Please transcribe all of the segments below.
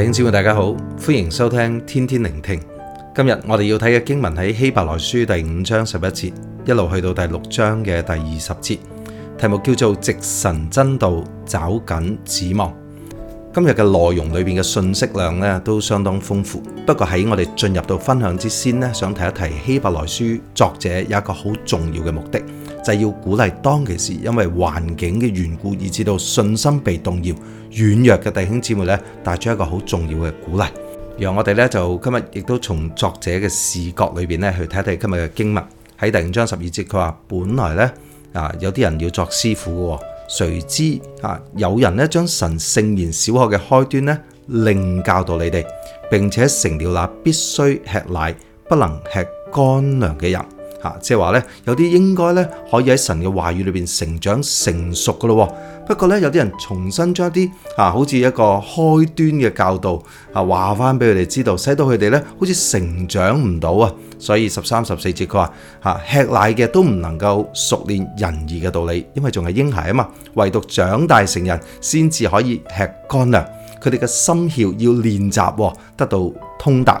弟兄姊妹大家好，歡迎收聽天天聆聽。今日我哋要睇嘅經文喺希伯來書第五章十一節一路去到第六章嘅第二十節，題目叫做藉神真道，抓緊指望。今日嘅內容裏邊嘅信息量咧都相當豐富，不過喺我哋進入到分享之先咧，想提一提希伯來書作者有一個好重要嘅目的，就係、是、要鼓勵當其時因為環境嘅緣故以至到信心被動搖、軟弱嘅弟兄姊妹咧，帶出一個好重要嘅鼓勵。然後我哋咧就今日亦都從作者嘅視角裏邊咧去睇一睇今日嘅經文。喺第五章十二節佢話本來咧啊有啲人要作師傅嘅，哦。誰知有人咧將神聖言小學嘅開端咧，另教導你哋，並且成了那必須吃奶，不能吃乾糧嘅人。吓，即係話咧，有啲應該咧可以喺神嘅話語裏邊成長成熟噶咯。不過咧，有啲人重新將一啲吓，好似一個開端嘅教導，吓，話翻俾佢哋知道，使到佢哋咧好似成長唔到啊。所以十三十四節佢話吓，吃奶嘅都唔能夠熟練仁義嘅道理，因為仲係嬰孩啊嘛。唯獨長大成人先至可以吃乾糧，佢哋嘅心竅要練習，得到通達。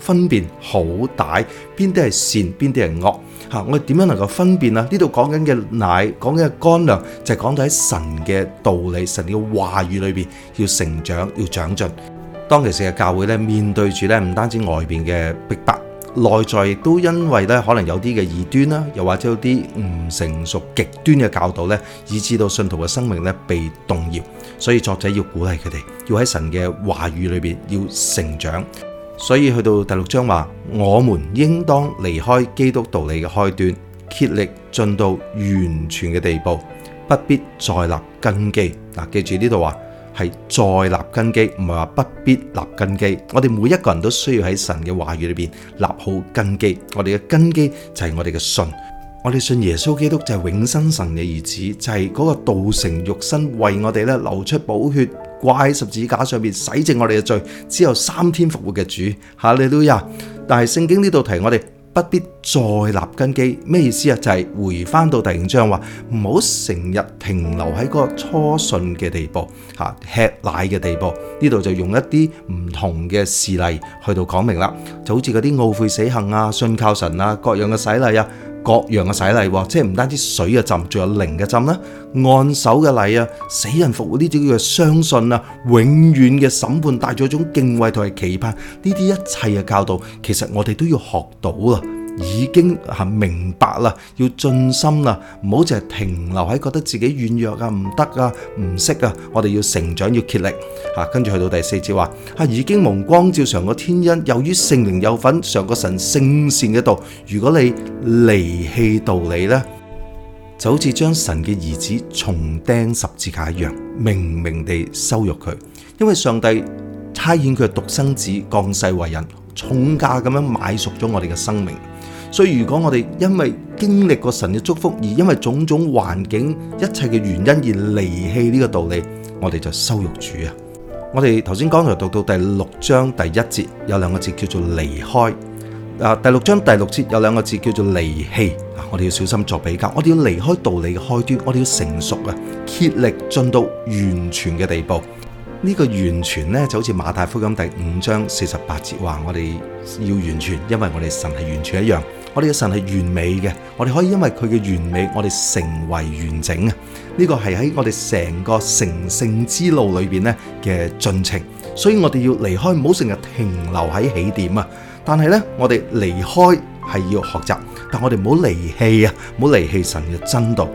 分辨好歹，邊啲係善，邊啲係惡吓。我哋點樣能夠分辨啊？呢度講緊嘅奶，講緊嘅乾糧，就係講到喺神嘅道理、神嘅話語裏邊要成長、要長進。當其時嘅教會咧，面對住咧唔單止外邊嘅逼迫，內在亦都因為咧可能有啲嘅異端啦，又或者有啲唔成熟極端嘅教導咧，以致到信徒嘅生命咧被動搖，所以作者要鼓勵佢哋，要喺神嘅話語裏邊要成長。所以去到第六章話，我們應當離開基督道理嘅開端，竭力進到完全嘅地步，不必再立根基。嗱，記住呢度話係再立根基，唔係話不必立根基。我哋每一個人都需要喺神嘅話語裡面立好根基。我哋嘅根基就係我哋嘅信，我哋信耶穌基督就係永生神嘅兒子，就係、是、嗰個道成肉身為我哋流出寶血。掛喺十字架上面洗淨我哋嘅罪，只有三天復活嘅主，哈利路亞！但係聖經呢度提我哋不必再立根基，咩意思啊？就係、是、回翻到第二章話，唔好成日停留喺個初信嘅地步，吓吃奶嘅地步。呢度就用一啲唔同嘅事例去到講明啦，就好似嗰啲懊悔死行啊、信靠神啊各樣嘅洗禮啊。各樣嘅洗禮，即係唔單止水嘅浸，仲有靈嘅浸啦，按手嘅禮啊，死人復活呢啲叫做相信啦，永遠嘅審判帶咗一種敬畏同埋期盼，呢啲一切嘅教導，其實我哋都要學到啊。已經係明白啦，要盡心啦，唔好淨係停留喺覺得自己軟弱啊、唔得啊、唔識啊，我哋要成長要竭力吓。跟住啊，去到第四節話，係、啊、已經蒙光照嘗過天恩，由於聖靈有份嘗過神聖善嘅道。如果你離棄道理呢，就好似將神嘅兒子重釘十字架一樣，明明地羞辱佢，因為上帝差遣佢嘅獨生子降世為人，重價咁樣買贖咗我哋嘅生命。所以如果我哋因為經歷過神嘅祝福，而因為種種環境一切嘅原因而離棄呢個道理，我哋就羞辱主啊！我哋頭先剛才讀到第六章第一節有兩個字叫做離開，啊，第六章第六節有兩個字叫做離棄，我哋要小心作比較，我哋要離開道理嘅開端，我哋要成熟啊，竭力進到完全嘅地步。呢個完全呢，就好似馬太福音第五章四十八節話，我哋要完全，因為我哋神係完全一樣，我哋嘅神係完美嘅，我哋可以因為佢嘅完美，我哋成為完整啊！呢個係喺我哋成個成聖之路裏邊呢嘅進程，所以我哋要離開，唔好成日停留喺起點啊！但係呢，我哋離開係要學習，但我哋唔好離棄啊，唔好離棄神嘅真道。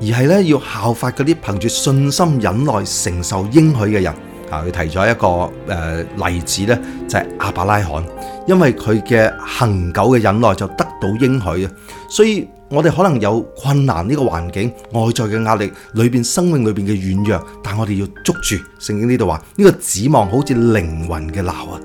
而係咧要效法嗰啲憑住信心忍耐承受應許嘅人，啊，佢提咗一個誒、呃、例子呢就係、是、亞伯拉罕，因為佢嘅恆久嘅忍耐就得到應許啊。所以我哋可能有困難呢個環境、外在嘅壓力、裏邊生命裏邊嘅軟弱，但我哋要捉住。聖經呢度話呢、這個指望好似靈魂嘅錨啊，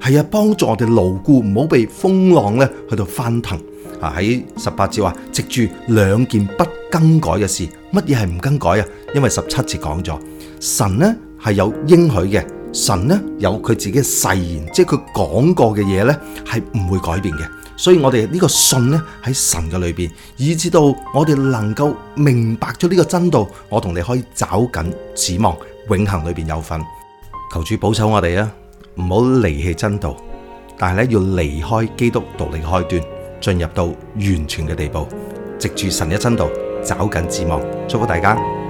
係啊，幫助我哋牢固，唔好被風浪咧去到翻騰。啊！喺十八節話，藉住兩件不更改嘅事，乜嘢係唔更改啊？因為十七節講咗神呢係有應許嘅，神呢有佢自己嘅誓言，即係佢講過嘅嘢呢係唔會改變嘅。所以我哋呢個信呢喺神嘅裏邊，以至到我哋能夠明白咗呢個真道，我同你可以抓緊指望永恆裏邊有份。求主保守我哋啊，唔好離棄真道，但係咧要離開基督獨立開端，進入到完全嘅地步，藉住神一真道，抓緊指望，祝福大家。